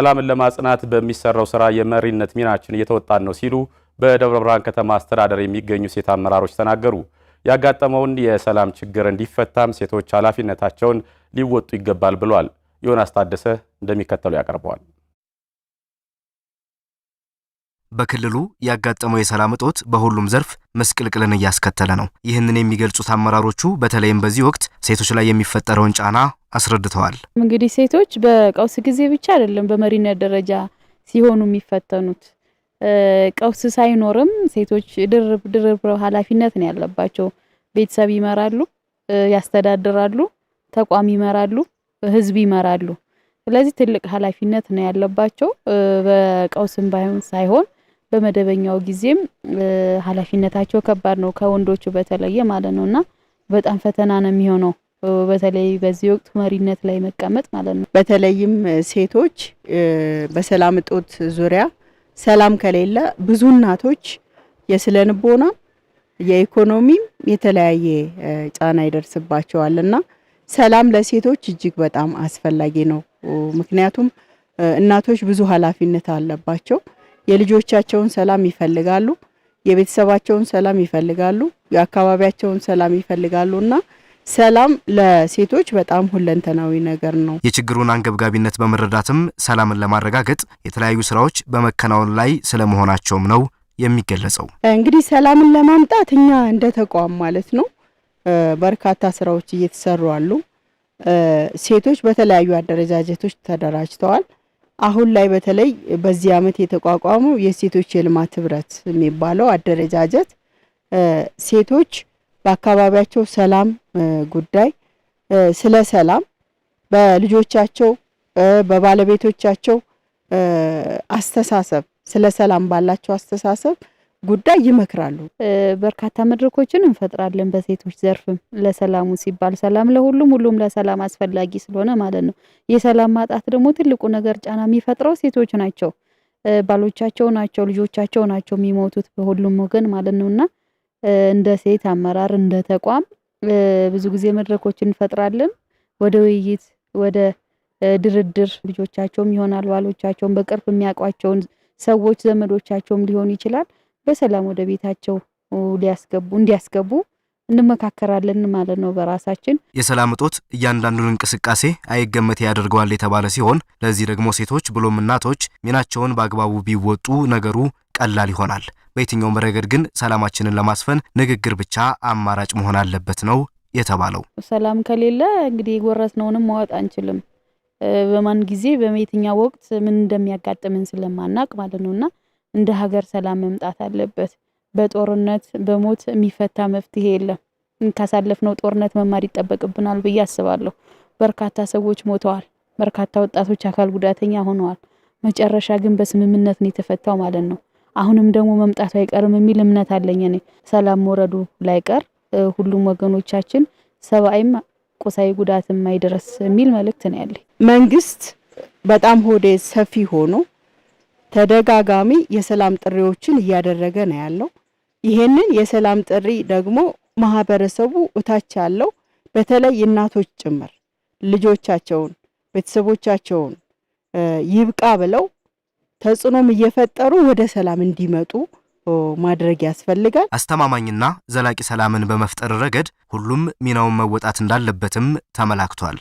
ሰላምን ለማጽናት በሚሰራው ስራ የመሪነት ሚናችን እየተወጣን ነው ሲሉ በደብረ ብርሃን ከተማ አስተዳደር የሚገኙ ሴት አመራሮች ተናገሩ። ያጋጠመውን የሰላም ችግር እንዲፈታም ሴቶች ኃላፊነታቸውን ሊወጡ ይገባል ብሏል። ዮናስ ታደሰ እንደሚከተሉ ያቀርበዋል። በክልሉ ያጋጠመው የሰላም እጦት በሁሉም ዘርፍ ምስቅልቅልን እያስከተለ ነው። ይህንን የሚገልጹት አመራሮቹ በተለይም በዚህ ወቅት ሴቶች ላይ የሚፈጠረውን ጫና አስረድተዋል። እንግዲህ ሴቶች በቀውስ ጊዜ ብቻ አይደለም በመሪነት ደረጃ ሲሆኑ የሚፈተኑት። ቀውስ ሳይኖርም ሴቶች ድርብ ድርብ ኃላፊነት ነው ያለባቸው። ቤተሰብ ይመራሉ፣ ያስተዳድራሉ፣ ተቋም ይመራሉ፣ ህዝብ ይመራሉ። ስለዚህ ትልቅ ኃላፊነት ነው ያለባቸው በቀውስም ባይሆን ሳይሆን በመደበኛው ጊዜም ኃላፊነታቸው ከባድ ነው ከወንዶቹ በተለየ ማለት ነው እና በጣም ፈተና ነው የሚሆነው በተለይ በዚህ ወቅት መሪነት ላይ መቀመጥ ማለት ነው። በተለይም ሴቶች በሰላም እጦት ዙሪያ ሰላም ከሌለ ብዙ እናቶች የስነ የኢኮኖሚም የተለያየ ጫና ይደርስባቸዋል እና ሰላም ለሴቶች እጅግ በጣም አስፈላጊ ነው። ምክንያቱም እናቶች ብዙ ኃላፊነት አለባቸው። የልጆቻቸውን ሰላም ይፈልጋሉ፣ የቤተሰባቸውን ሰላም ይፈልጋሉ፣ የአካባቢያቸውን ሰላም ይፈልጋሉና ሰላም ለሴቶች በጣም ሁለንተናዊ ነገር ነው። የችግሩን አንገብጋቢነት በመረዳትም ሰላምን ለማረጋገጥ የተለያዩ ስራዎች በመከናወን ላይ ስለመሆናቸውም ነው የሚገለጸው። እንግዲህ ሰላምን ለማምጣት እኛ እንደ ተቋም ማለት ነው በርካታ ስራዎች እየተሰሩ አሉ። ሴቶች በተለያዩ አደረጃጀቶች ተደራጅተዋል። አሁን ላይ በተለይ በዚህ ዓመት የተቋቋመው የሴቶች የልማት ህብረት የሚባለው አደረጃጀት ሴቶች በአካባቢያቸው ሰላም ጉዳይ ስለ ሰላም በልጆቻቸው በባለቤቶቻቸው አስተሳሰብ ስለ ሰላም ባላቸው አስተሳሰብ ጉዳይ ይመክራሉ። በርካታ መድረኮችን እንፈጥራለን። በሴቶች ዘርፍም ለሰላሙ ሲባል ሰላም ለሁሉም ሁሉም ለሰላም አስፈላጊ ስለሆነ ማለት ነው። የሰላም ማጣት ደግሞ ትልቁ ነገር ጫና የሚፈጥረው ሴቶች ናቸው፣ ባሎቻቸው ናቸው፣ ልጆቻቸው ናቸው የሚሞቱት በሁሉም ወገን ማለት ነው እና እንደ ሴት አመራር እንደ ተቋም ብዙ ጊዜ መድረኮችን እንፈጥራለን ወደ ውይይት ወደ ድርድር ልጆቻቸውም ይሆናል ባሎቻቸውም በቅርብ የሚያውቋቸውን ሰዎች ዘመዶቻቸውም ሊሆን ይችላል በሰላም ወደ ቤታቸው ሊያስገቡ እንዲያስገቡ እንመካከራለን ማለት ነው። በራሳችን የሰላም እጦት እያንዳንዱን እንቅስቃሴ አይገመት ያደርገዋል የተባለ ሲሆን ለዚህ ደግሞ ሴቶች ብሎም እናቶች ሚናቸውን በአግባቡ ቢወጡ ነገሩ ቀላል ይሆናል። በየትኛውም ረገድ ግን ሰላማችንን ለማስፈን ንግግር ብቻ አማራጭ መሆን አለበት ነው የተባለው። ሰላም ከሌለ እንግዲህ የጎረስነውንም ማወጥ አንችልም። በማን ጊዜ በየትኛው ወቅት ምን እንደሚያጋጥምን ስለማናቅ ማለት ነውና እንደ ሀገር ሰላም መምጣት አለበት። በጦርነት በሞት የሚፈታ መፍትሄ የለም። ካሳለፍነው ጦርነት መማር ይጠበቅብናል ብዬ አስባለሁ። በርካታ ሰዎች ሞተዋል። በርካታ ወጣቶች አካል ጉዳተኛ ሆነዋል። መጨረሻ ግን በስምምነት ነው የተፈታው ማለት ነው። አሁንም ደግሞ መምጣቱ አይቀርም የሚል እምነት አለኝ እኔ። ሰላም መውረዱ ላይቀር ሁሉም ወገኖቻችን ሰብአዊም ቁሳዊ ጉዳት የማይደርስ የሚል መልእክት ነው ያለኝ። መንግስት በጣም ሆዴ ሰፊ ሆኖ ተደጋጋሚ የሰላም ጥሪዎችን እያደረገ ነው ያለው። ይሄንን የሰላም ጥሪ ደግሞ ማህበረሰቡ እታች ያለው በተለይ እናቶች ጭምር ልጆቻቸውን፣ ቤተሰቦቻቸውን ይብቃ ብለው ተጽዕኖም እየፈጠሩ ወደ ሰላም እንዲመጡ ማድረግ ያስፈልጋል። አስተማማኝና ዘላቂ ሰላምን በመፍጠር ረገድ ሁሉም ሚናውን መወጣት እንዳለበትም ተመላክቷል።